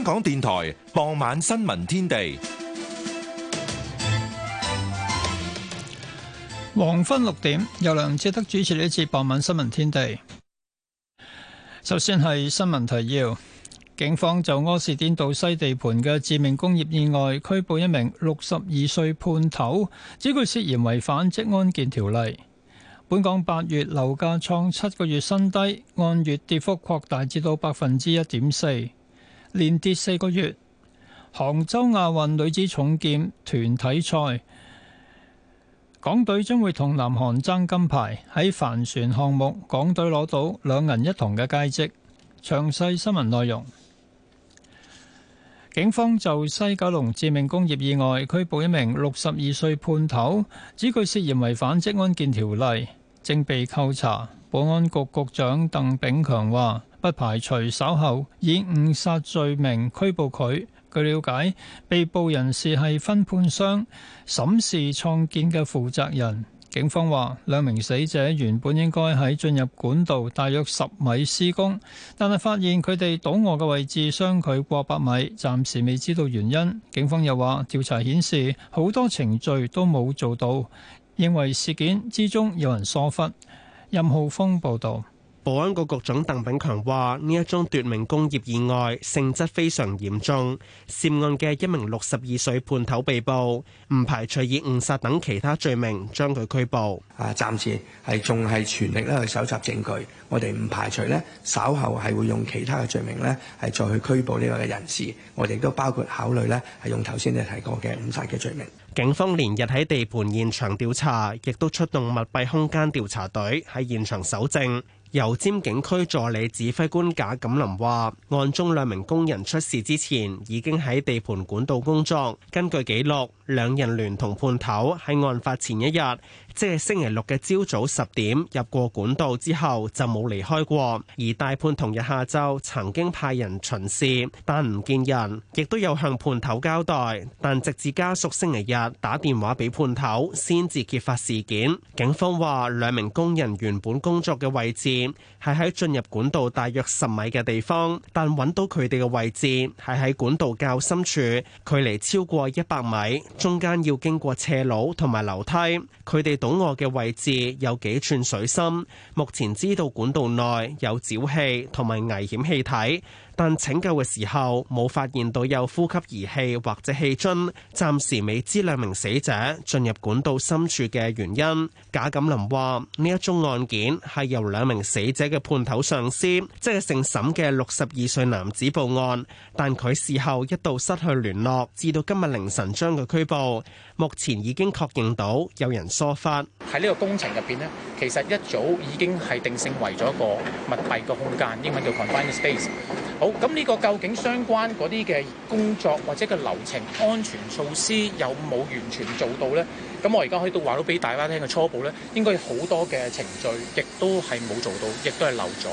香港電台傍晚新聞天地，黃昏六點，由梁志德主持呢次傍晚新聞天地。首先係新聞提要：警方就柯士甸道西地盤嘅致命工業意外拘捕一名六十二歲判頭，指佢涉嫌違反職安健條例。本港八月樓價創七個月新低，按月跌幅擴大至到百分之一點四。連跌四個月。杭州亞運女子重劍團體賽，港隊將會同南韓爭金牌。喺帆船項目，港隊攞到兩銀一銅嘅佳績。詳細新聞內容。警方就西九龍致命工業意外拘捕一名六十二歲判頭，指佢涉嫌違反職安健條例，正被扣查。保安局局長鄧炳強話，不排除稍後以誤殺罪名拘捕佢。據了解，被捕人士係分判商審視創建嘅負責人。警方話，兩名死者原本應該喺進入管道大約十米施工，但係發現佢哋倒卧嘅位置相距過百米，暫時未知道原因。警方又話，調查顯示好多程序都冇做到，認為事件之中有人疏忽。任浩峰報道。保安局局長鄧炳強話：呢一宗奪命工業意外性質非常嚴重，涉案嘅一名六十二歲判頭被捕，唔排除以誤殺等其他罪名將佢拘捕。啊，暫時係仲係全力咧去搜集證據，我哋唔排除呢，稍後係會用其他嘅罪名呢，係再去拘捕呢個嘅人士。我哋亦都包括考慮呢，係用頭先你提過嘅誤殺嘅罪名。警方連日喺地盤現場調查，亦都出動密閉空間調查隊喺現場搜證。油尖警區助理指揮官賈錦林話，案中兩名工人出事之前已經喺地盤管道工作。根據記錄，兩人聯同判頭喺案發前一日，即係星期六嘅朝早十點入過管道之後就冇離開過，而大判同日下晝曾經派人巡視，但唔見人，亦都有向判頭交代，但直至家屬星期日打電話俾判頭，先至揭發事件。警方話兩名工人原本工作嘅位置係喺進入管道大約十米嘅地方，但揾到佢哋嘅位置係喺管道較深處，距離超過一百米，中間要經過斜路同埋樓梯，佢哋。倒臥嘅位置有幾寸水深，目前知道管道內有沼氣同埋危險氣體。但拯救嘅時候冇發現到有呼吸儀器或者氣樽，暫時未知兩名死者進入管道深處嘅原因。賈錦林話：呢一宗案件係由兩名死者嘅判頭上司，即係姓沈嘅六十二歲男子報案，但佢事後一度失去聯絡，至到今日凌晨將佢拘捕。目前已經確認到有人疏忽，喺呢個工程入邊呢，其實一早已經係定性為咗一個密閉嘅空間，英文叫 confined space。好。咁呢個究竟相關嗰啲嘅工作或者個流程安全措施有冇完全做到呢？咁我而家可以到話到俾大家聽嘅初步呢，應該好多嘅程序亦都係冇做到，亦都係漏咗。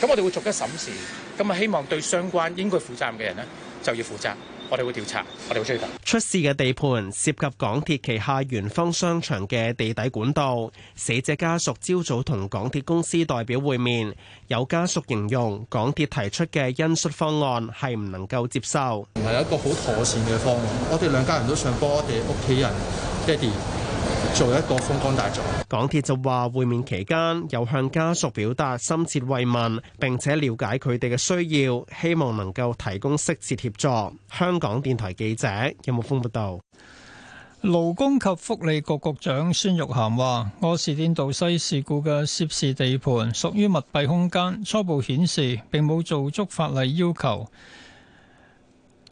咁我哋會逐一審視，咁啊，希望對相關應該負責嘅人呢，就要負責。我哋會調查，我哋會追尋。出事嘅地盤涉及港鐵旗下圓方商場嘅地底管道。死者家屬朝早同港鐵公司代表會面，有家屬形容港鐵提出嘅恩恤方案係唔能夠接受，唔係一個好妥善嘅方案。我哋兩家人都想幫我哋屋企人爸爸，爹哋。做一個風光大作。港鐵就話會面期間有向家屬表達深切慰問，並且了解佢哋嘅需要，希望能夠提供適切協助。香港電台記者有冇峰報道？勞工及福利局局長孫玉菡話，我市電導西事故嘅涉事地盤屬於密閉空間，初步顯示並冇做足法例要求。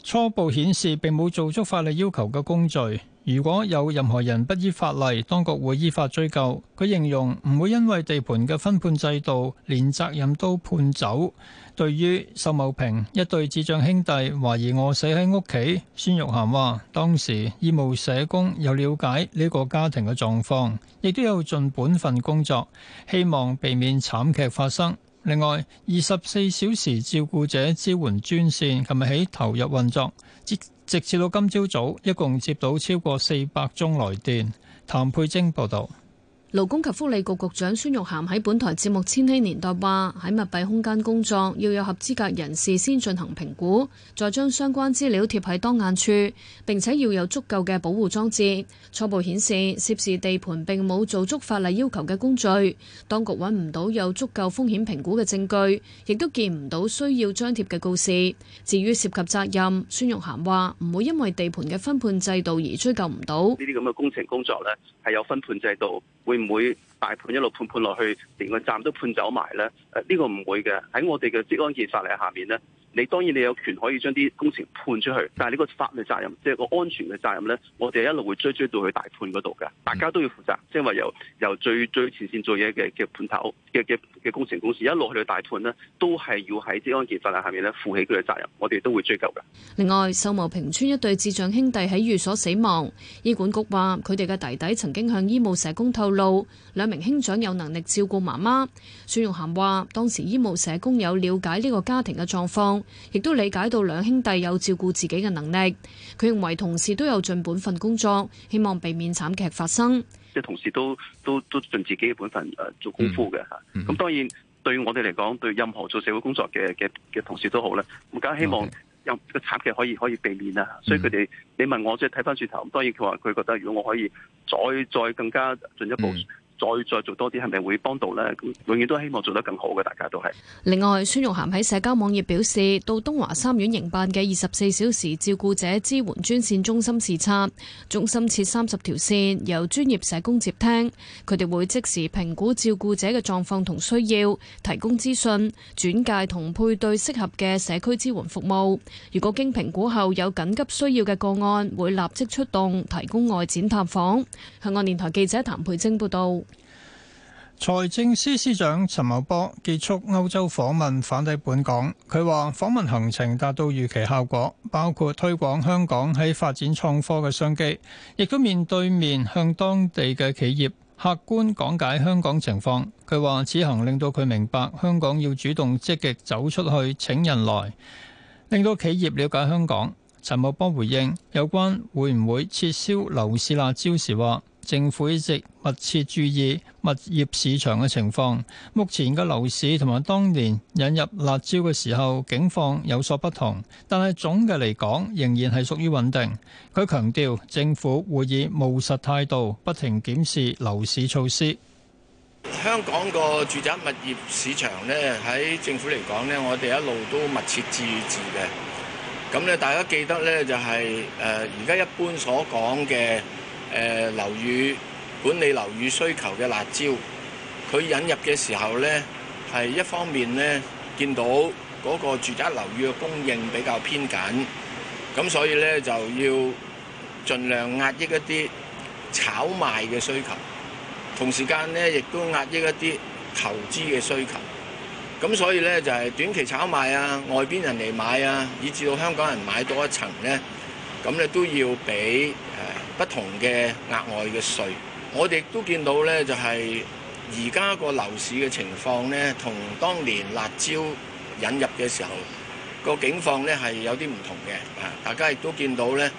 初步顯示並冇做足法例要求嘅工序。如果有任何人不依法例，當局會依法追究。佢形容唔會因為地盤嘅分判制度，連責任都判走。對於秀茂坪一對智障兄弟懷疑餓死喺屋企，孫玉菡話當時義務社工有了解呢個家庭嘅狀況，亦都有盡本份工作，希望避免慘劇發生。另外，二十四小時照顧者支援專線，琴日起投入運作。直至到今朝早，早，一共接到超過四百宗來電，譚佩晶報道。勞工及福利局局長孫玉菡喺本台節目《千禧年代》話：喺密閉空間工作要有合資格人士先進行評估，再將相關資料貼喺當眼處，並且要有足夠嘅保護裝置。初步顯示，涉事地盤並冇做足法例要求嘅工序，當局揾唔到有足夠風險評估嘅證據，亦都見唔到需要張貼嘅告示。至於涉及責任，孫玉菡話唔會因為地盤嘅分判制度而追究唔到。呢啲咁嘅工程工作呢，係有分判制度。會唔會？大判一路判判落去，連個站都判走埋咧。誒，呢個唔會嘅，喺我哋嘅職安健法例下面呢，你當然你有權可以將啲工程判出去，但係呢個法律責任，即係個安全嘅責任呢，我哋一路會追追到去大判嗰度嘅。大家都要負責，即係話由由最最前線做嘢嘅判頭嘅嘅嘅工程公司一路去到大判呢，都係要喺職安健法例下面呢，負起佢嘅責任。我哋都會追究嘅。另外，秀茂坪村一對智障兄弟喺寓所死亡，醫管局話佢哋嘅弟弟曾經向醫務社工透露明兄長有能力照顧媽媽，孫玉涵話：當時醫務社工有了解呢個家庭嘅狀況，亦都理解到兩兄弟有照顧自己嘅能力。佢認為同事都有盡本份工作，希望避免慘劇發生。即係同事都都都盡自己嘅本份誒做功夫嘅吓，咁、mm -hmm. 當然對我哋嚟講，對任何做社會工作嘅嘅嘅同事都好咧。我梗係希望有個慘劇可以可以避免啦。Mm -hmm. 所以佢哋，你問我即係睇翻轉頭，咁當然佢話佢覺得如果我可以再再更加進一步。Mm -hmm. 再再做多啲，係咪會幫到咧？永遠都希望做得更好嘅，大家都係。另外，孫玉菡喺社交網頁表示，到東華三院營辦嘅二十四小時照顧者支援專線中心視察，中心設三十條線，由專業社工接聽。佢哋會即時評估照顧者嘅狀況同需要，提供資訊、轉介同配對適合嘅社區支援服務。如果經評估後有緊急需要嘅個案，會立即出動提供外展探訪。香港電台記者譚佩晶報道。財政司司長陳茂波結束歐洲訪問返抵本港，佢話訪問行程達到預期效果，包括推廣香港喺發展創科嘅商機，亦都面對面向當地嘅企業客觀講解香港情況。佢話此行令到佢明白香港要主動積極走出去，請人來，令到企業了解香港。陳茂波回應有關會唔會撤銷樓市辣招時話。政府一直密切注意物業市場嘅情況，目前嘅樓市同埋當年引入辣招嘅時候情況有所不同，但係總嘅嚟講仍然係屬於穩定。佢強調，政府會以務實態度不停檢視樓市措施。香港個住宅物業市場咧，喺政府嚟講咧，我哋一路都密切注意嘅。咁咧，大家記得咧就係誒，而家一般所講嘅。誒、呃、樓宇管理樓宇需求嘅辣椒，佢引入嘅時候呢，係一方面呢，見到嗰個住宅樓宇嘅供應比較偏緊，咁所以呢就要盡量壓抑一啲炒賣嘅需求，同時間呢亦都壓抑一啲投資嘅需求。咁所以呢，就係、是、短期炒賣啊，外邊人嚟買啊，以至到香港人買多一層呢，咁你都要俾。不同嘅額外嘅稅，我哋都見到呢，就係而家個樓市嘅情況呢，同當年辣招引入嘅時候個境況呢，係有啲唔同嘅。啊，大家亦都見到呢，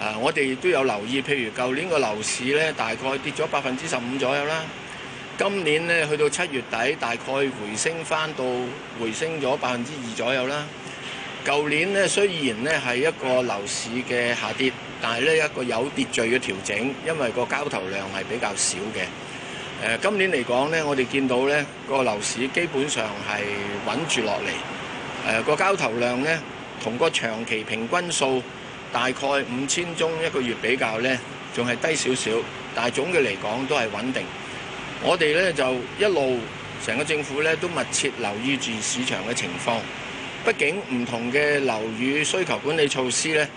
啊，我哋都有留意，譬如舊年個樓市呢，大概跌咗百分之十五左右啦，今年呢，去到七月底，大概回升返到回升咗百分之二左右啦。舊年呢，雖然呢係一個樓市嘅下跌，但係呢一個有秩序嘅調整，因為個交投量係比較少嘅。呃，今年嚟講呢，我哋見到呢個樓市基本上係穩住落嚟。誒、呃，個交投量呢，同個長期平均數大概五千宗一個月比較呢，仲係低少少，但係總嘅嚟講都係穩定。我哋呢就一路成個政府呢，都密切留意住市場嘅情況。畢竟唔同嘅樓宇需求管理措施咧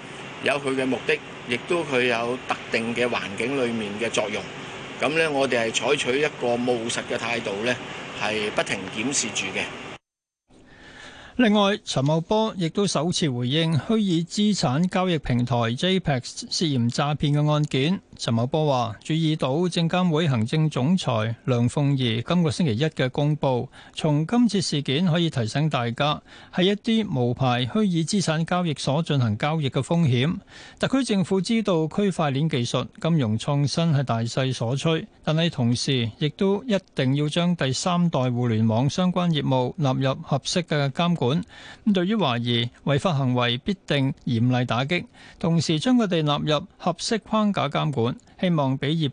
有佢嘅目的，亦都佢有特定嘅環境裏面嘅作用。咁咧我哋係採取一個務實嘅態度咧，係不停檢視住嘅。另外，陳茂波亦都首次回應虛擬資產交易平台 JPEX 涉嫌詐騙嘅案件。陳茂波話：注意到證監會行政總裁梁鳳儀今個星期一嘅公布，從今次事件可以提醒大家，係一啲無牌虛擬資產交易所進行交易嘅風險。特區政府知道區塊鏈技術、金融創新係大勢所趨，但係同時亦都一定要將第三代互聯網相關業務納入合適嘅監管。對於懷疑違法行為，必定嚴厲打擊，同時將佢哋納入合適框架監管。希望俾業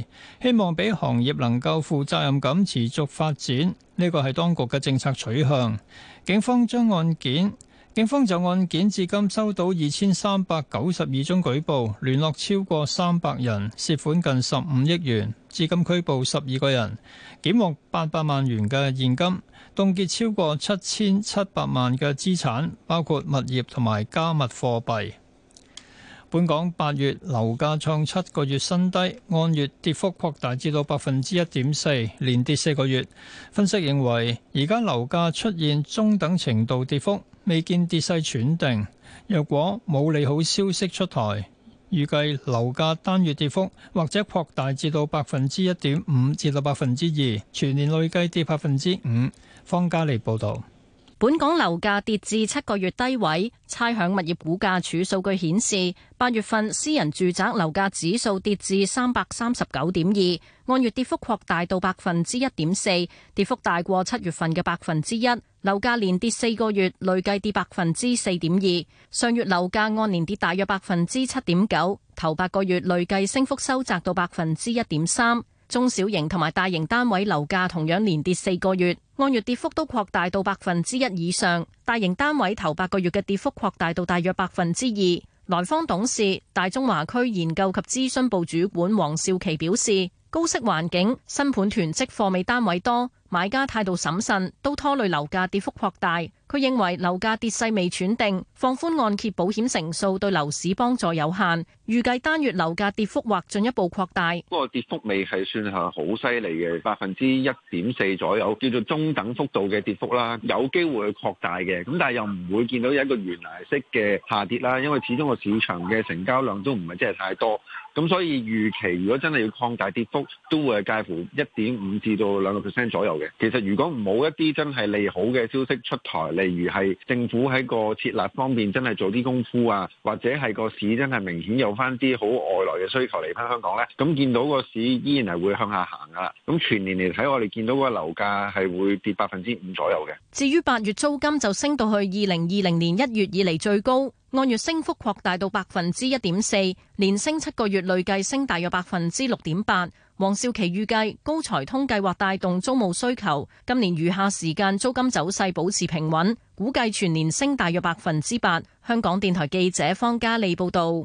界，希望俾行業能夠負責任咁持續發展，呢、這個係當局嘅政策取向。警方將案件，警方就案件至今收到二千三百九十二宗舉報，聯絡超過三百人，涉款近十五億元，至今拘捕十二個人，檢獲八百萬元嘅現金，凍結超過七千七百萬嘅資產，包括物業同埋加密貨幣。本港八月樓價創七個月新低，按月跌幅擴大至到百分之一點四，連跌四個月。分析認為，而家樓價出現中等程度跌幅，未見跌勢喘定。若果冇利好消息出台，預計樓價單月跌幅或者擴大至到百分之一點五至到百分之二，全年累計跌百分之五。方家利報道。本港樓價跌至七個月低位，差餉物業估價署數據顯示，八月份私人住宅樓價指數跌至三百三十九點二，按月跌幅擴大到百分之一點四，跌幅大過七月份嘅百分之一。樓價連跌四個月，累計跌百分之四點二。上月樓價按年跌大約百分之七點九，頭八個月累計升幅收窄到百分之一點三。中小型同埋大型單位樓價同樣連跌四個月，按月跌幅都擴大到百分之一以上。大型單位頭八個月嘅跌幅擴大到大約百分之二。萊坊董事大中華區研究及諮詢部主管黃兆琪表示：高息環境，新盤囤積貨尾單位多。買家態度審慎，都拖累樓價跌幅擴大。佢認為樓價跌勢未斷定，放寬按揭保險成數對樓市幫助有限，預計單月樓價跌幅或進一步擴大。不過跌幅未係算係好犀利嘅，百分之一點四左右，叫做中等幅度嘅跌幅啦。有機會去擴大嘅，咁但又唔會見到有一個懸崖式嘅下跌啦，因為始終個市場嘅成交量都唔係真係太多。咁所以預期，如果真係要擴大跌幅，都會係介乎一點五至到兩個 percent 左右嘅。其實如果唔冇一啲真係利好嘅消息出台，例如係政府喺個設立方面真係做啲功夫啊，或者係個市真係明顯有翻啲好外來嘅需求嚟翻香港咧，咁見到個市依然係會向下行噶喇。咁全年嚟睇，我哋見到個樓價係會跌百分之五左右嘅。至於八月租金就升到去二零二零年一月以嚟最高。按月升幅擴大到百分之一點四，連升七個月累計升大約百分之六點八。黃少琪預計高財通計劃帶動租務需求，今年餘下時間租金走勢保持平穩，估計全年升大約百分之八。香港電台記者方嘉利報道。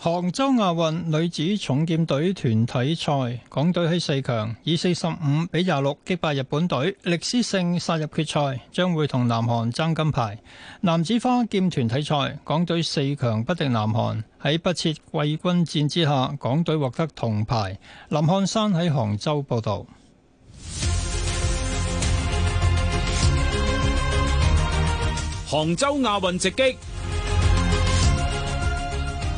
杭州亞運女子重劍隊團體賽，港隊喺四強以四十五比廿六擊敗日本隊，歷史性殺入決賽，將會同南韓爭金牌。男子花劍團體賽，港隊四強不敵南韓，喺不設季軍戰之下，港隊獲得銅牌。林漢山喺杭州報道。杭州亞運直擊。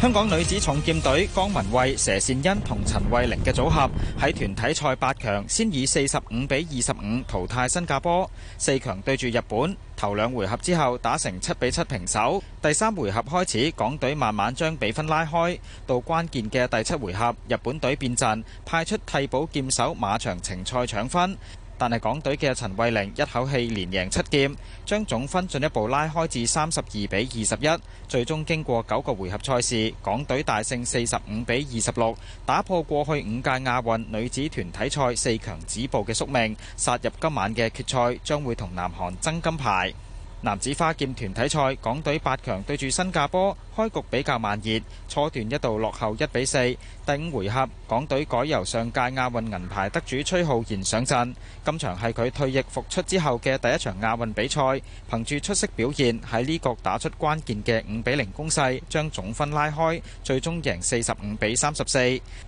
香港女子重劍隊江文慧、佘善欣同陳慧玲嘅組合喺團體賽八強先以四十五比二十五淘汰新加坡，四強對住日本，頭兩回合之後打成七比七平手，第三回合開始港隊慢慢將比分拉開，到關鍵嘅第七回合，日本隊變陣，派出替補劍手馬場程賽搶分。但係港隊嘅陳慧玲一口氣連贏七劍，將總分進一步拉開至三十二比二十一。最終經過九個回合賽事，港隊大勝四十五比二十六，打破過去五屆亞運女子團體賽四強止步嘅宿命，殺入今晚嘅決賽，將會同南韓爭金牌。男子花劍團體賽，港隊八強對住新加坡，開局比較慢熱，初段一度落後一比四。第五回合，港隊改由上屆亞運銀牌得主崔浩然上陣，今場係佢退役復出之後嘅第一場亞運比賽。憑住出色表現喺呢局打出關鍵嘅五比零攻勢，將總分拉開，最終贏四十五比三十四。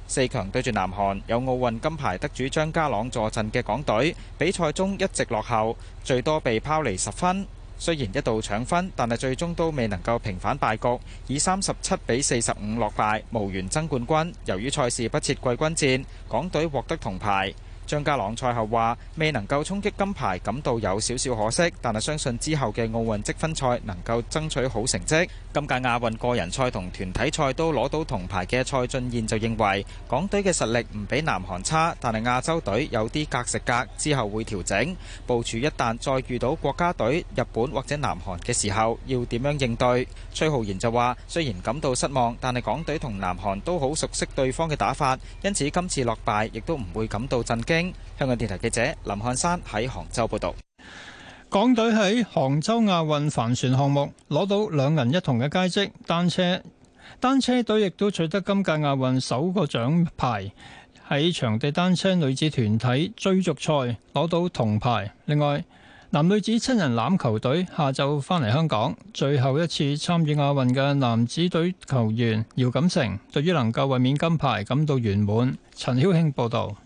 四強對住南韓，有奧運金牌得主張家朗助陣嘅港隊，比賽中一直落後，最多被拋離十分。雖然一度搶分，但係最終都未能夠平反敗局，以三十七比四十五落敗，無緣爭冠軍。由於賽事不設季軍戰，港隊獲得銅牌。張家朗賽後話：未能夠衝擊金牌感到有少少可惜，但係相信之後嘅奧運積分賽能夠爭取好成績。今屆亞運個人賽同團體賽都攞到銅牌嘅蔡俊彥就認為，港隊嘅實力唔比南韓差，但係亞洲隊有啲隔食隔，之後會調整部署。一旦再遇到國家隊、日本或者南韓嘅時候，要點樣應對？崔浩然就話：雖然感到失望，但係港隊同南韓都好熟悉對方嘅打法，因此今次落敗亦都唔會感到震驚。香港電台記者林漢山喺杭州報道，港隊喺杭州亞運帆船項目攞到兩銀一銅嘅佳績。單車單車隊亦都取得今屆亞運首個獎牌，喺場地單車女子團體追逐賽攞到銅牌。另外，男女子七人欖球隊下晝返嚟香港，最後一次參與亞運嘅男子隊球員姚錦成對於能夠衛冕金牌感到圓滿。陳曉慶報道。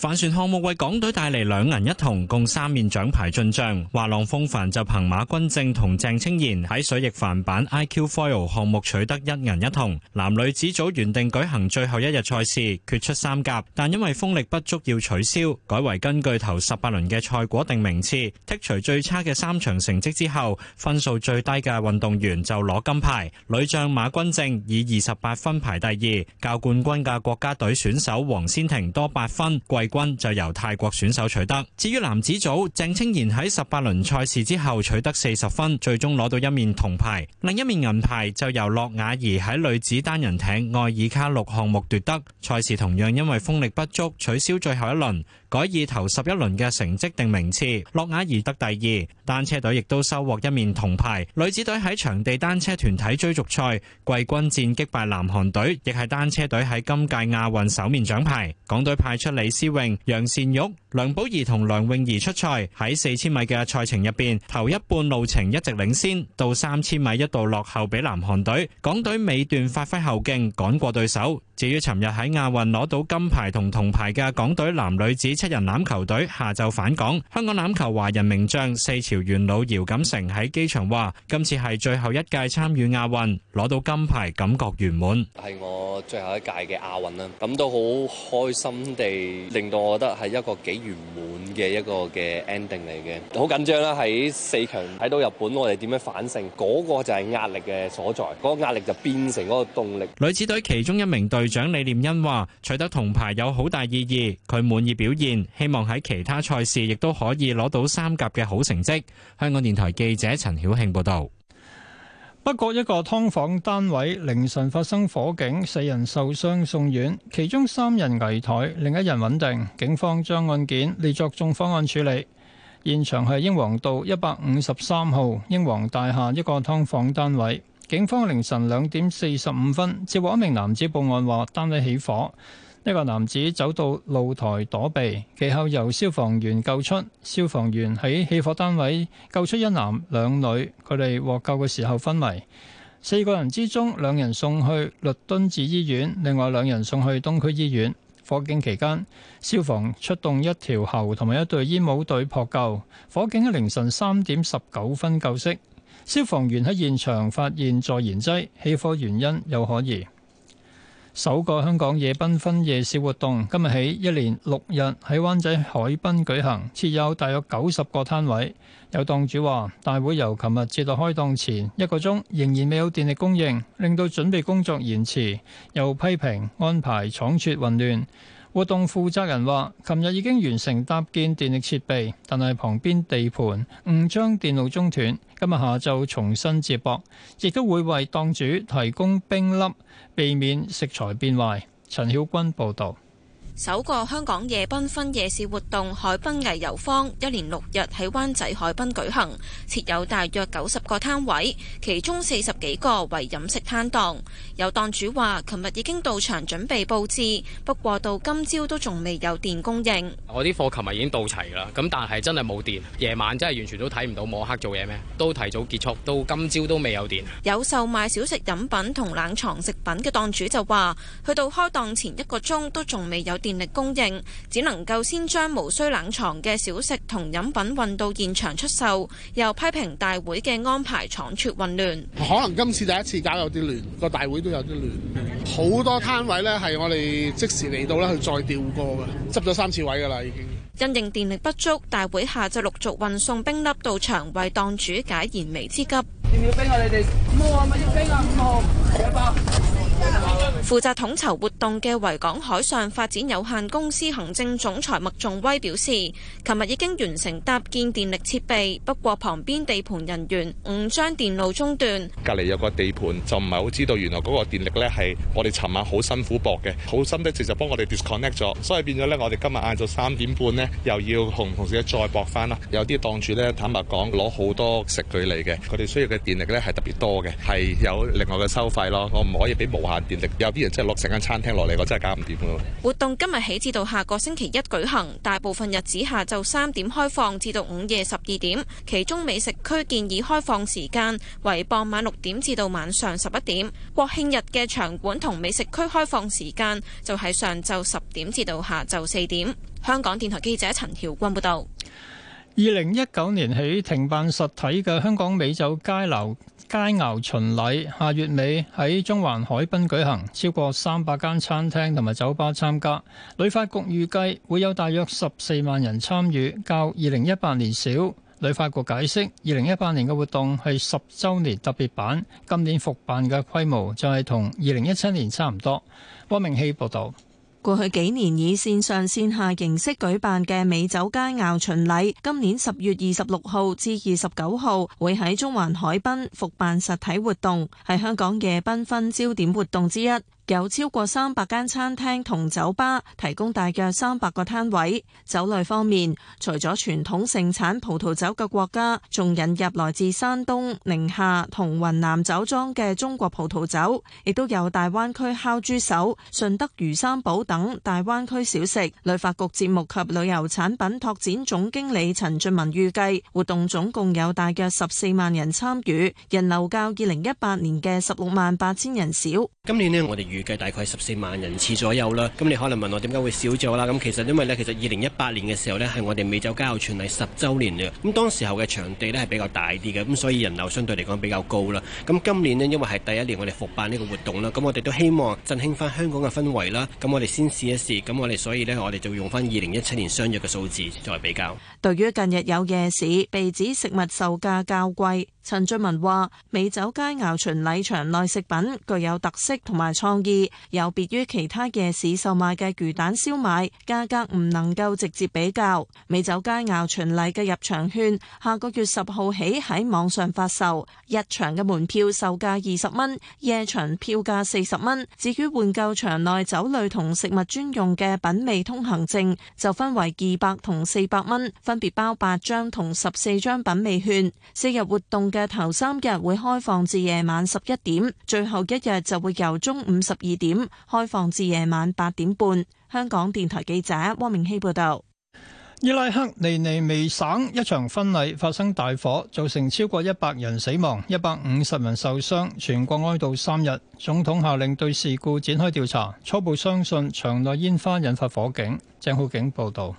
帆船項目為港隊帶嚟兩銀一銅共三面獎牌進賬。滑浪風帆就憑馬君正同鄭清賢喺水翼帆板 IQFoil 項目取得一銀一銅。男女子組原定舉行最後一日賽事，決出三甲，但因為風力不足要取消，改為根據頭十八輪嘅賽果定名次，剔除最差嘅三場成績之後，分數最低嘅運動員就攞金牌。女將馬君正以二十八分排第二，較冠軍嘅國家隊選手黃先婷多八分。軍就由泰國選手取得。至於男子組，鄭清賢喺十八輪賽事之後取得四十分，最終攞到一面銅牌。另一面銀牌就由諾雅兒喺女子單人艇愛爾卡六項目奪得。賽事同樣因為風力不足取消最後一輪。改以頭十一輪嘅成績定名次，駱亞怡得第二，單車隊亦都收穫一面銅牌。女子隊喺場地單車團體追逐賽季軍戰擊敗南韓隊，亦係單車隊喺今屆亞運首面獎牌。港隊派出李思穎、楊善玉。梁寶儀同梁泳儀出賽，喺四千米嘅賽程入邊，頭一半路程一直領先，到三千米一度落後俾南韓隊。港隊尾段發揮後勁，趕過對手。至於尋日喺亞運攞到金牌同銅牌嘅港隊男女子七人欖球隊，下晝返港。香港欖球華人名將四朝元老姚錦成喺機場話：今次係最後一屆參與亞運，攞到金牌感覺圓滿。係我最後一屆嘅亞運啦，咁都好開心地，令到我覺得係一個幾。圓滿嘅一個嘅 ending 嚟嘅，好緊張啦！喺四強睇到日本，我哋點樣反勝？嗰個就係壓力嘅所在，嗰個壓力就變成嗰個動力。女子隊其中一名隊長李念恩話：取得銅牌有好大意義，佢滿意表現，希望喺其他賽事亦都可以攞到三甲嘅好成績。香港電台記者陳曉慶報道。北角一個劏房單位凌晨發生火警，四人受傷送院，其中三人危殆，另一人穩定。警方將案件列作重方案處理。現場係英皇道一百五十三號英皇大廈一個劏房單位。警方凌晨兩點四十五分接獲一名男子報案，話單位起火。一個男子走到露台躲避，其後由消防員救出。消防員喺起火單位救出一男兩女，佢哋獲救嘅時候昏迷。四個人之中，兩人送去律敦治醫院，另外兩人送去東區醫院。火警期間，消防出動一條喉同埋一隊煙帽隊撲救。火警喺凌晨三點十九分救熄。消防員喺現場發現助燃劑，起火原因有可疑。首個香港夜繽紛夜市活動今日起一連六日喺灣仔海濱舉行，設有大約九十個攤位。有檔主話：大會由琴日至到開檔前一個鐘仍然未有電力供應，令到準備工作延遲，又批評安排倉卒混亂。活動負責人話，琴日已經完成搭建電力設備，但係旁邊地盤誤將電路中斷，今日下晝重新接駁，亦都會為檔主提供冰粒，避免食材變壞。陳曉君報導。首個香港夜繽紛夜市活動海濱藝遊坊，一連六日喺灣仔海濱舉行，設有大約九十個攤位，其中四十幾個為飲食攤檔。有檔主話：，琴日已經到場準備佈置，不過到今朝都仲未有電供應。我啲貨琴日已經到齊㗎啦，咁但係真係冇電，夜晚真係完全都睇唔到，摸黑做嘢咩？都提早結束，到今朝都未有電。有售賣小食、飲品同冷藏食品嘅檔主就話：，去到開檔前一個鐘都仲未有電。電力供應只能夠先將無需冷藏嘅小食同飲品運到現場出售，又批評大會嘅安排倉促混亂。可能今次第一次搞有啲亂，個大會都有啲亂，好多攤位呢係我哋即時嚟到呢去再調過嘅，執咗三次位噶啦已經。因應電力不足，大會下晝陸續運送冰粒到場，為檔主解燃眉之急。要負責統籌活動嘅維港海上發展有限公司行政總裁麥仲威表示，琴日已經完成搭建電力設備，不過旁邊地盤人員誤將電路中斷。隔籬有個地盤就唔係好知道，原來嗰個電力呢係我哋尋晚好辛苦駁嘅，好心的一次就幫我哋 disconnect 咗，所以變咗呢，我哋今日晏晝三點半呢又要同同事再駁返啦。有啲檔主呢坦白講攞好多食佢嚟嘅，佢哋需要嘅電力呢係特別多嘅，係有另外嘅收費咯，我唔可以俾無。電力有啲人真係落成間餐廳落嚟，我真係搞唔掂。活動今日起至到下個星期一舉行，大部分日子下晝三點開放至到午夜十二點，其中美食區建議開放時間為傍晚六點至到晚上十一點。國慶日嘅場館同美食區開放時間就喺上晝十點至到下晝四點。香港電台記者陳曉君報導。二零一九年起停辦實體嘅香港美酒佳餚巡禮，下月尾喺中環海濱舉行，超過三百間餐廳同埋酒吧參加。旅發局預計會有大約十四萬人參與，較二零一八年少。旅發局解釋，二零一八年嘅活動係十週年特別版，今年復辦嘅規模就係同二零一七年差唔多。汪明熙報道。過去幾年以線上線下形式舉辦嘅美酒佳肴巡禮，今年十月二十六號至二十九號會喺中環海濱復辦實體活動，係香港夜繽紛焦點活動之一。有超過三百間餐廳同酒吧提供大約三百個攤位。酒類方面，除咗傳統盛產葡萄酒嘅國家，仲引入來自山東、寧夏同雲南酒莊嘅中國葡萄酒，亦都有大灣區烤豬手、順德魚三寶等大灣區小食。旅發局節目及旅遊產品拓展總經理陳俊文預計活動總共有大約十四萬人參與，人流較二零一八年嘅十六萬八千人少。今年呢，我哋預預計大概十四萬人次左右啦，咁你可能問我點解會少咗啦？咁其實因為呢，其實二零一八年嘅時候呢，係我哋美酒佳餚巡禮十周年嘅，咁當時候嘅場地呢，係比較大啲嘅，咁所以人流相對嚟講比較高啦。咁今年呢，因為係第一年我哋復辦呢個活動啦，咁我哋都希望振興翻香港嘅氛圍啦，咁我哋先試一試，咁我哋所以呢，我哋就用翻二零一七年相約嘅數字作為比較。對於近日有夜市，被指食物售價較貴。陳俊文話：美酒佳餚巡禮場內食品具有特色同埋創意，有別於其他夜市售賣嘅魚蛋燒賣，價格唔能夠直接比較。美酒佳餚巡禮嘅入場券下個月十號起喺網上發售，日場嘅門票售價二十蚊，夜場票價四十蚊。至於換購場內酒類同食物專用嘅品味通行證，就分為二百同四百蚊，分別包八張同十四張品味券。四日活動嘅頭三日會開放至夜晚十一點，最後一日就會由中午十二點開放至夜晚八點半。香港電台記者汪明熙報道。伊拉克尼尼微省一場婚禮發生大火，造成超過一百人死亡、一百五十人受傷，全國哀悼三日。總統下令對事故展開調查，初步相信場內煙花引發火警。鄭浩景報道。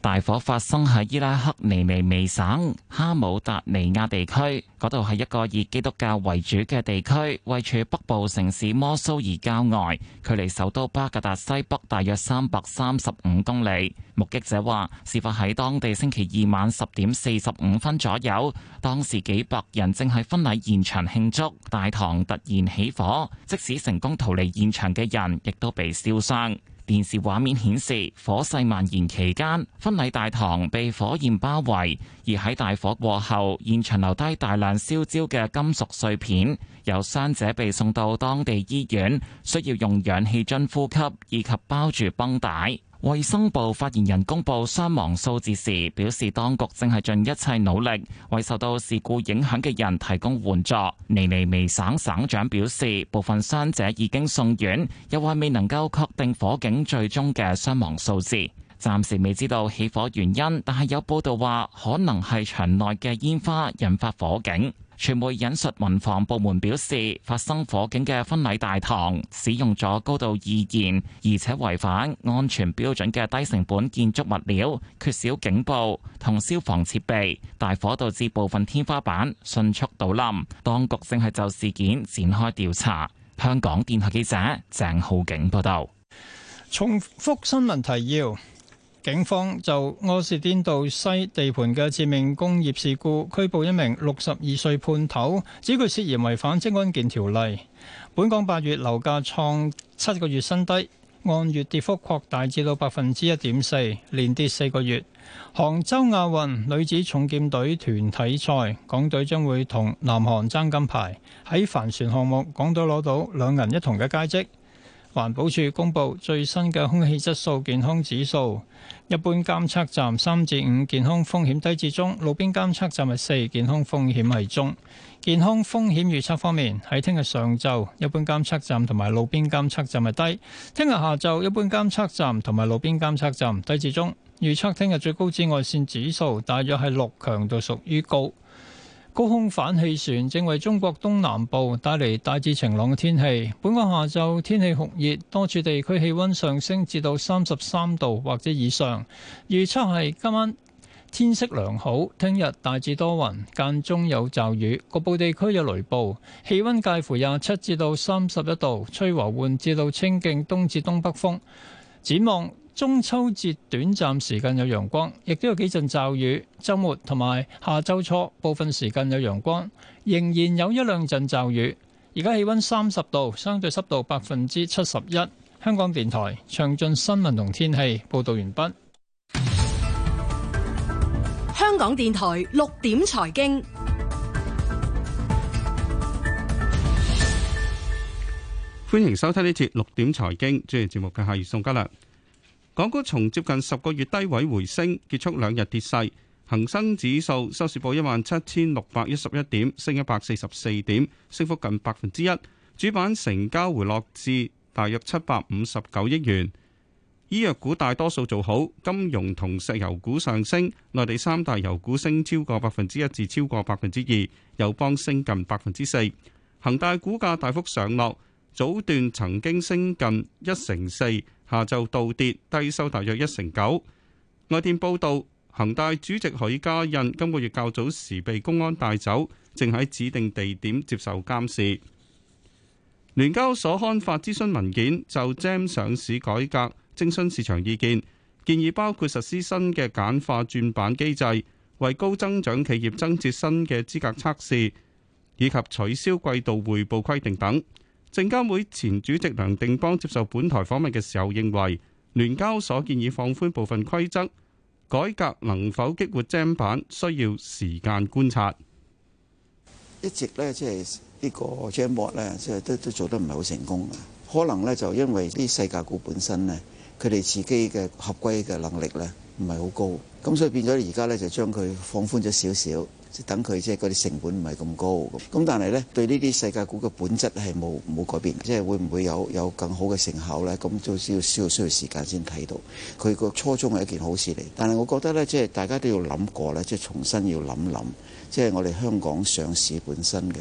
大火發生喺伊拉克尼微微省哈姆達尼亞地區，嗰度係一個以基督教為主嘅地區，位處北部城市摩蘇爾郊外，距離首都巴格達西北大約三百三十五公里。目擊者話，事發喺當地星期二晚十點四十五分左右，當時幾百人正喺婚禮現場慶祝，大堂突然起火，即使成功逃離現場嘅人，亦都被燒傷。電視畫面顯示火勢蔓延期間，婚禮大堂被火焰包圍，而喺大火過後，現場留低大量燒焦嘅金屬碎片。有傷者被送到當地醫院，需要用氧氣樽呼吸，以及包住繃帶。衛生部發言人公布傷亡數字時表示，當局正係盡一切努力為受到事故影響嘅人提供援助。尼尼微省省長表示，部分傷者已經送院，又話未能夠確定火警最終嘅傷亡數字。暫時未知道起火原因，但係有報道話可能係場內嘅煙花引發火警。傳媒引述民防部門表示，發生火警嘅婚禮大堂使用咗高度易燃，而且違反安全標準嘅低成本建築物料，缺少警報同消防設備。大火導致部分天花板迅速倒冧。當局正係就事件展開調查。香港電台記者鄭浩景報道。重複新聞提要。警方就柯士甸道西地盤嘅致命工業事故拘捕一名六十二歲判頭，指佢涉嫌違反《職安健條例》。本港八月樓價創七個月新低，按月跌幅擴大至到百分之一點四，連跌四個月。杭州亞運女子重劍隊團體賽，港隊將會同南韓爭金牌。喺帆船項目，港隊攞到兩銀一銅嘅佳績。環保署公布最新嘅空氣質素健康指數，一般監測站三至五健康風險低至中，路邊監測站係四健康風險係中。健康風險預測方面，喺聽日上晝一般監測站同埋路邊監測站係低，聽日下晝一般監測站同埋路邊監測站低至中。預測聽日最高紫外線指數大約係六，強度屬於高。高空反氣旋正為中國東南部帶嚟大致晴朗嘅天氣。本港下晝天氣酷熱，多處地區氣温上升至到三十三度或者以上。預測係今晚天色良好，聽日大致多雲，間中有驟雨，局部地區有雷暴。氣温介乎廿七至到三十一度，吹和緩至到清勁東至東北風。展望。中秋節短暫時間有陽光，亦都有幾陣驟雨。周末同埋下周初部分時間有陽光，仍然有一兩陣驟雨。而家氣温三十度，相對濕度百分之七十一。香港電台詳盡新聞同天氣報道完畢。香港電台六點財經，歡迎收聽呢節六點財經主持節目嘅係宋嘉良。港股從接近十個月低位回升，結束兩日跌勢。恒生指數收市報一萬七千六百一十一點，升一百四十四點，升幅近百分之一。主板成交回落至大約七百五十九億元。醫藥股大多數做好，金融同石油股上升。內地三大油股升超過百分之一至超過百分之二，友邦升近百分之四。恒大股價大幅上落，早段曾經升近一成四。下晝倒跌，低收大約一成九。外電報道，恒大主席許家印今個月較早時被公安帶走，正喺指定地點接受監視。聯交所刊發諮詢文件，就 GEM 上市改革徵詢市場意見，建議包括實施新嘅簡化轉板機制，為高增長企業增設新嘅資格測試，以及取消季度匯報規定等。證監會前主席梁定邦接受本台訪問嘅時候，認為聯交所建議放寬部分規則改革能否激活 GEM 板，需要時間觀察。一直咧即係呢、就是、這個 GEM board 咧，即、就、係、是、都都做得唔係好成功啊。可能咧就因為啲世界股本身咧，佢哋自己嘅合規嘅能力咧唔係好高，咁所以變咗而家咧就將佢放寬咗少少。即等佢即嗰啲成本唔係咁高，咁但係咧，對呢啲世界股嘅本質係冇冇改變，即係會唔會有有更好嘅成效咧？咁都需要需要需要時間先睇到，佢個初衷係一件好事嚟，但係我覺得咧，即係大家都要諗過咧，即係重新要諗諗，即係我哋香港上市本身嘅。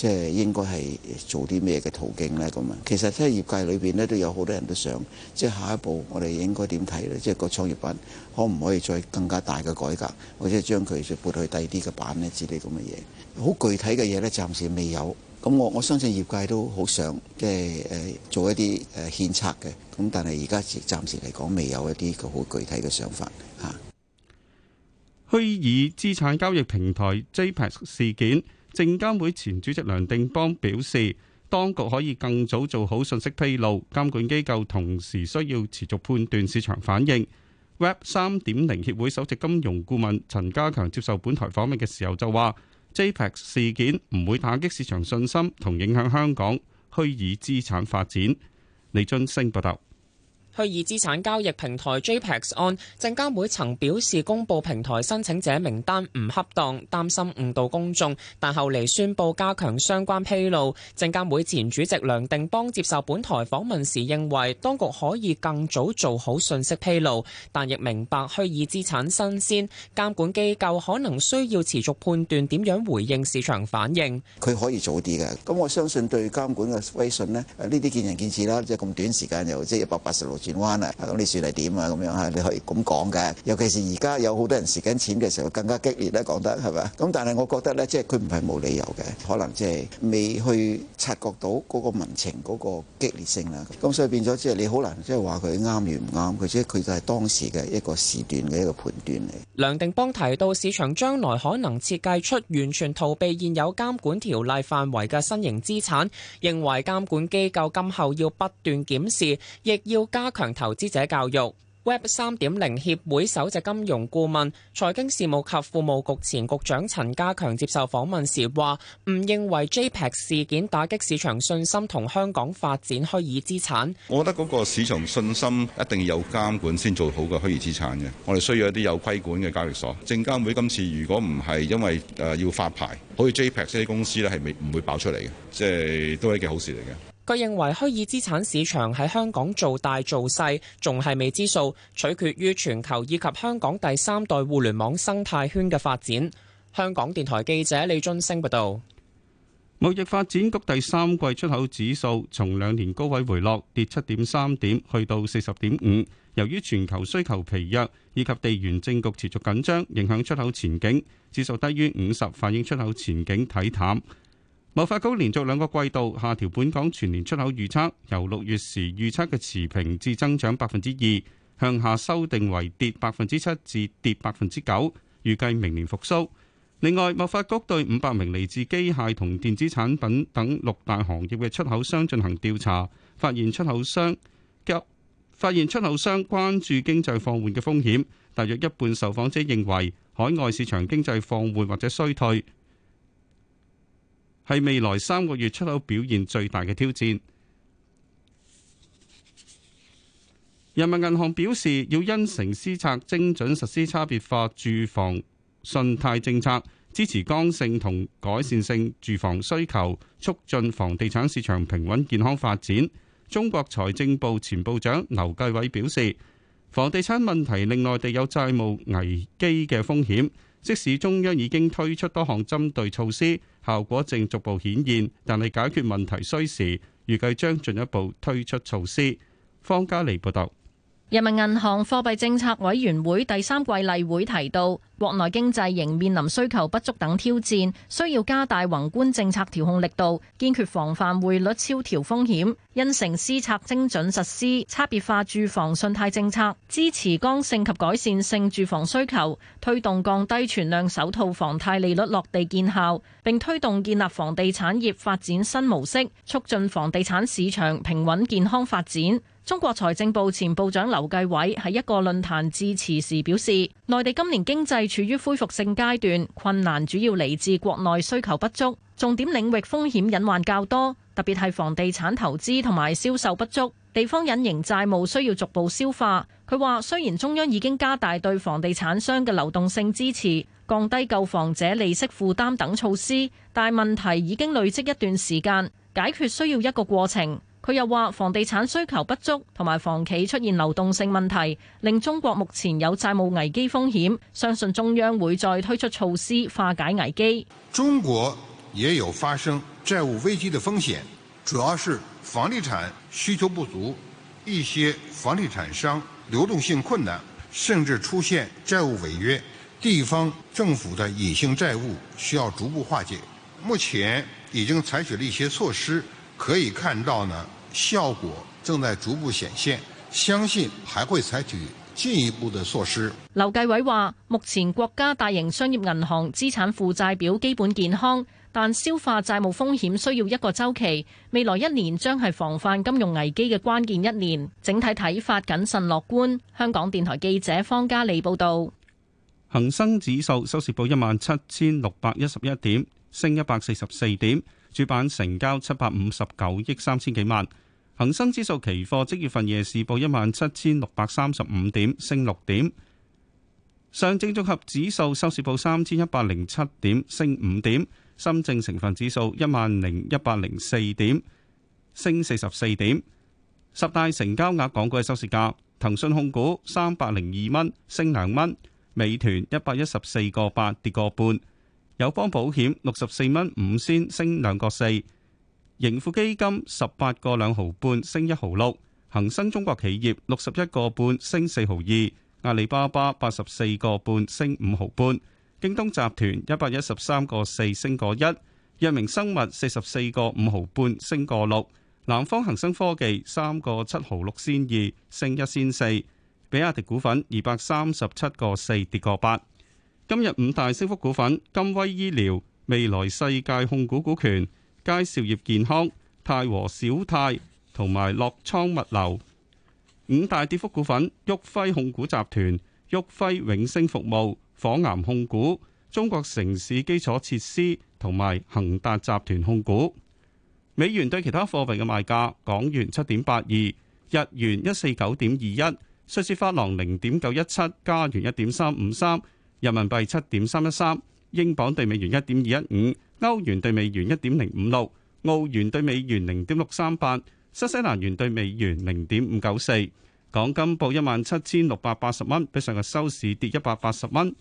即係應該係做啲咩嘅途徑呢？咁啊！其實即係業界裏邊呢都有好多人都想，即係下一步我哋應該點睇呢？即係個創業板可唔可以再更加大嘅改革，或者將佢再撥去第二啲嘅板呢？之類咁嘅嘢。好具體嘅嘢呢，暫時未有。咁我我相信業界都好想即係誒做一啲誒獻策嘅。咁但係而家暫時嚟講，未有一啲個好具體嘅想法嚇。虛擬資產交易平台 JPEX 事件。證監會前主席梁定邦表示，當局可以更早做好信息披露，監管機構同時需要持續判斷市場反應。Web 3.0協會首席金融顧問陳家強接受本台訪問嘅時候就話，JPEX 事件唔會打擊市場信心，同影響香港虛擬資產發展。李俊升報道。虛擬資產交易平台 JPEX 案，證監會曾表示公布平台申請者名單唔恰當，擔心誤導公眾，但後嚟宣布加強相關披露。證監會前主席梁定邦接受本台訪問時認為，當局可以更早做好信息披露，但亦明白虛擬資產新鮮，監管機構可能需要持續判斷點樣回應市場反應。佢可以早啲㗎，咁我相信對監管嘅威信呢，呢啲見仁見智啦，即係咁短時間又即係一百八十六。就是轉彎啊！咁你算係點啊？咁樣嚇，你可以咁講嘅。尤其是而家有好多人蝕緊錢嘅時候，更加激烈咧。講得係咪？咁但係我覺得咧，即係佢唔係冇理由嘅，可能即係未去察覺到嗰個民情嗰個激烈性啦。咁所以變咗即係你好難即係話佢啱與唔啱。佢即係佢就係當時嘅一個時段嘅一個判斷嚟。梁定邦提到市場將來可能設計出完全逃避現有監管條例範圍嘅新型資產，認為監管機構今後要不斷檢視，亦要加。加強投資者教育。Web 3.0協會首席金融顧問、財經事務及庫務局前局長陳家強接受訪問時話：唔認為 JPEX 事件打擊市場信心同香港發展虛擬資產。我覺得嗰個市場信心一定要有監管先做好個虛擬資產嘅。我哋需要一啲有規管嘅交易所。證監會今次如果唔係因為誒要發牌，好似 JPEX 呢啲公司咧係未唔會爆出嚟嘅，即係都係一件好事嚟嘅。佢認為虛擬資產市場喺香港做大做細仲係未知數，取決於全球以及香港第三代互聯網生態圈嘅發展。香港電台記者李津升報導，貿易發展局第三季出口指數從兩年高位回落，跌七點三點，去到四十點五。由於全球需求疲弱以及地緣政局持續緊張，影響出口前景，指數低於五十，反映出口前景睇淡。貿發局連續兩個季度下調本港全年出口預測，由六月時預測嘅持平至增長百分之二，向下修訂為跌百分之七至跌百分之九，預計明年復甦。另外，貿發局對五百名嚟自機械同電子產品等六大行業嘅出口商進行調查，發現出口商及發現出口商關注經濟放緩嘅風險，大約一半受訪者認為海外市場經濟放緩或者衰退。係未來三個月出口表現最大嘅挑戰。人民銀行表示要因城施策，精準實施差別化住房信貸政策，支持剛性同改善性住房需求，促進房地產市場平穩健康發展。中國財政部前部長劉繼偉表示，房地產問題令內地有債務危機嘅風險。即使中央已經推出多項針對措施，效果正逐步顯現，但係解決問題需時，預計將進一步推出措施。方家莉報導。人民銀行貨幣政策委員會第三季例會提到，國內經濟仍面臨需求不足等挑戰，需要加大宏觀政策調控力度，堅決防範匯率超調風險。因城施策，精準實施差別化住房信貸政策，支持剛性及改善性住房需求，推動降低存量首套房貸利率落地見效，並推動建立房地產業發展新模式，促進房地產市場平穩健康發展。中國財政部前部長劉繼偉喺一個論壇致辭時表示，內地今年經濟處於恢復性階段，困難主要嚟自國內需求不足，重點領域風險隱患較多，特別係房地產投資同埋銷售不足，地方隱形債務需要逐步消化。佢話雖然中央已經加大對房地產商嘅流動性支持、降低購房者利息負擔等措施，但問題已經累積一段時間，解決需要一個過程。佢又話：房地產需求不足，同埋房企出現流動性問題，令中國目前有債務危機風險。相信中央會再推出措施化解危機。中國也有發生債務危機的風險，主要是房地產需求不足，一些房地產商流動性困難，甚至出現債務違約。地方政府的隱性債務需要逐步化解。目前已經採取了一些措施，可以看到呢。效果正在逐步顯現，相信還會採取進一步的措施。劉繼偉話，目前國家大型商業銀行資產負債表基本健康，但消化債務風險需要一個周期。未來一年將係防範金融危機嘅關鍵一年。整體睇法謹慎樂觀。香港電台記者方嘉莉報道。恒生指數收市報一萬七千六百一十一點，升一百四十四點。主板成交七百五十九億三千幾萬，恒生指數期貨即月份夜市報一萬七千六百三十五點，升六點。上證綜合指數收市報三千一百零七點，升五點。深證成分指數一萬零一百零四點，升四十四點。十大成交額港股嘅收市價，騰訊控股三百零二蚊，升兩蚊。美團一百一十四個八，跌個半。友邦保險六十四蚊五仙升兩個四，盈富基金十八個兩毫半升一毫六，恒生中國企業六十一個半升四毫二，阿里巴巴八十四個半升五毫半，京東集團一百一十三個四升個一，藥明生物四十四個五毫半升個六，南方恒生科技三個七毫六仙二升一仙四，比亞迪股份二百三十七個四跌個八。今日五大升幅股份：金威醫療、未來世界控股股權、佳兆業健康、泰和小泰同埋樂倉物流。五大跌幅股份：旭輝控股集團、旭輝永升服務、火岩控股、中國城市基礎設施同埋恒達集團控股。美元對其他貨幣嘅賣價：港元七點八二，日元一四九點二一，瑞士法郎零點九一七，加元一點三五三。人民幣七點三一三，英鎊兌美元一點二一五，歐元兌美元一點零五六，澳元兌美元零點六三八，新西蘭元兌美元零點五九四。港金報一萬七千六百八十蚊，比上日收市跌一百八十蚊。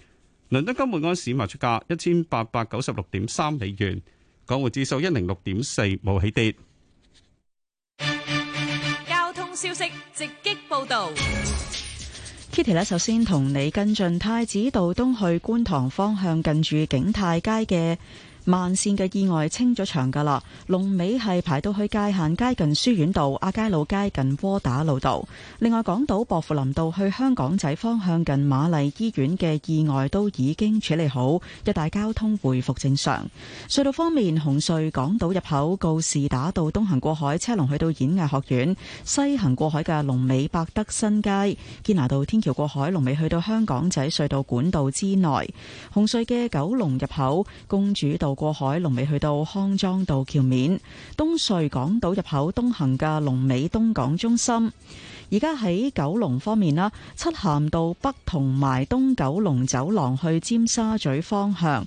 倫敦金每安士賣出價一千八百九十六點三美元，港匯指數一零六點四，冇起跌。交通消息直擊報道。Kitty 咧，首先同你跟進太子道東去觀塘方向近住景泰街嘅慢線嘅意外清咗場㗎啦，龍尾係排到去界限街近書院道、亞皆老街近窩打老道。另外，港島薄扶林道去香港仔方向近瑪麗醫院嘅意外都已經處理好，一帶交通回復正常。隧道方面，紅隧港島入口告士打道東行過海車龍去到演藝學院，西行過海嘅龍尾百德新街，堅拿道天橋過海龍尾去到香港仔隧道管道之內。紅隧嘅九龍入口公主道。過海龍尾去到康莊道橋面，東隧港島入口東行嘅龍尾東港中心，而家喺九龍方面啦，漆咸道北同埋東九龍走廊去尖沙咀方向，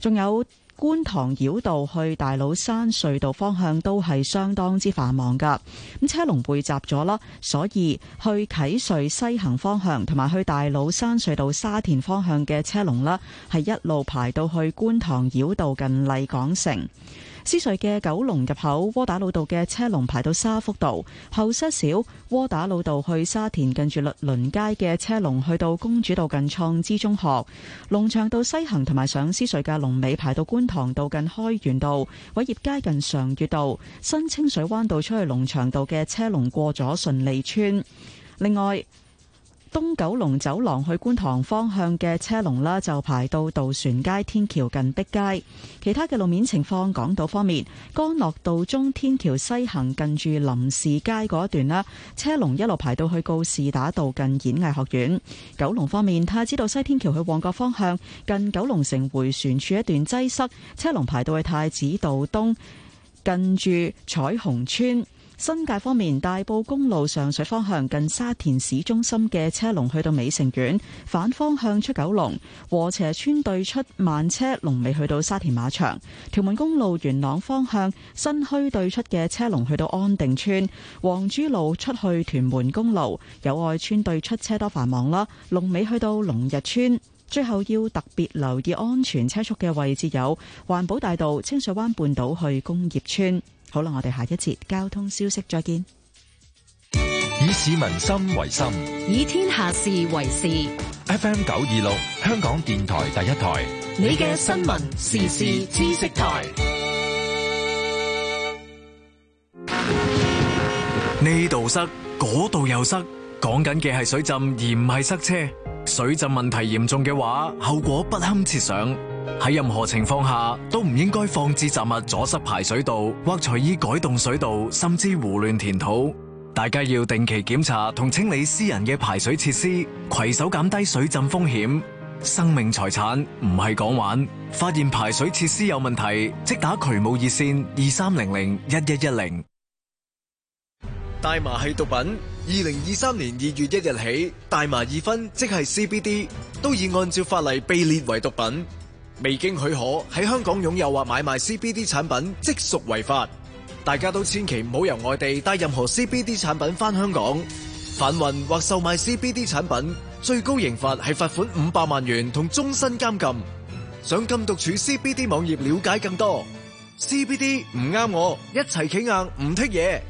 仲有。觀塘繞道去大老山隧道方向都係相當之繁忙噶，咁車龍背集咗啦，所以去啟瑞西行方向同埋去大老山隧道沙田方向嘅車龍咧，係一路排到去觀塘繞道近麗港城。獅隧嘅九龍入口窩打老道嘅車龍排到沙福道，後塞少。窩打老道去沙田，近住律倫街嘅車龍去到公主道近創知中學。龍翔道西行同埋上獅隧嘅龍尾排到觀塘道近開源道，偉業街近常悅道，新清水灣道出去龍翔道嘅車龍過咗順利邨。另外。東九龍走廊去觀塘方向嘅車龍啦，就排到渡船街天橋近碧街。其他嘅路面情況，港島方面，江諾道中干諾道中天橋西行近住林士街嗰一段啦，車龍一路排到去告士打道近演藝學院。九龍方面，太子道西天橋去旺角方向，近九龍城回旋處一段擠塞，車龍排到去太子道東近住彩虹邨。新界方面，大埔公路上水方向近沙田市中心嘅車龍去到美城苑，反方向出九龍和斜村對出慢車龍尾去到沙田馬場。屯門公路元朗方向新墟對出嘅車龍去到安定村，黃珠路出去屯門公路友愛村對出車多繁忙啦，龍尾去到龍逸村。最後要特別留意安全車速嘅位置有環保大道清水灣半島去工業村。好啦，我哋下一節交通消息再見。以市民心為心，以天下事為事。F M 九二六，香港電台第一台，你嘅新聞時事知識台。呢度塞，嗰度又塞，講緊嘅係水浸，而唔係塞車。水浸問題嚴重嘅話，後果不堪設想。喺任何情況下都唔應該放置雜物阻塞排水道，或隨意改動水道，甚至胡亂填土。大家要定期檢查同清理私人嘅排水設施，携手減低水浸風險。生命財產唔係講玩，發現排水設施有問題，即打渠務熱線二三零零一一一零。大麻係毒品，二零二三年二月一日起，大麻二酚即係 CBD 都已按照法例被列為毒品。未經許可喺香港擁有或買賣 CBD 產品即屬違法，大家都千祈唔好由外地帶任何 CBD 產品返香港，販運或售賣 CBD 產品最高刑罰係罰款五百萬元同終身監禁。想禁毒處 CBD 網頁了解更多，CBD 唔啱，我一齊企硬唔剔嘢。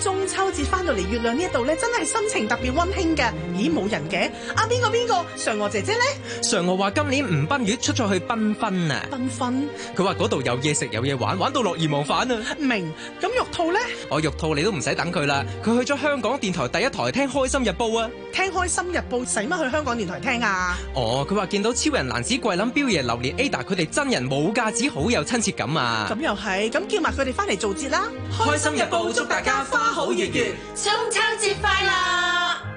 中秋。至翻到嚟月亮呢一度咧，真係心情特別溫馨嘅。咦，冇人嘅？啊？邊個邊個？嫦娥姐姐咧？嫦娥話今年唔奔月，出咗去繽紛，紛啊！繽紛，紛。佢話嗰度有嘢食，有嘢玩，玩到樂而忘返啊！明。咁玉兔咧？我、哦、玉兔你都唔使等佢啦，佢去咗香港電台第一台聽開心日報啊！聽開心日報，使乜去香港電台聽啊？哦，佢話見到超人、男子、桂林、彪爺、榴蓮、Ada，佢哋真人冇架子，好有親切感啊！咁又係，咁叫埋佢哋翻嚟做節啦！開心日報，心日報祝大家花好月，月圓中秋節快樂！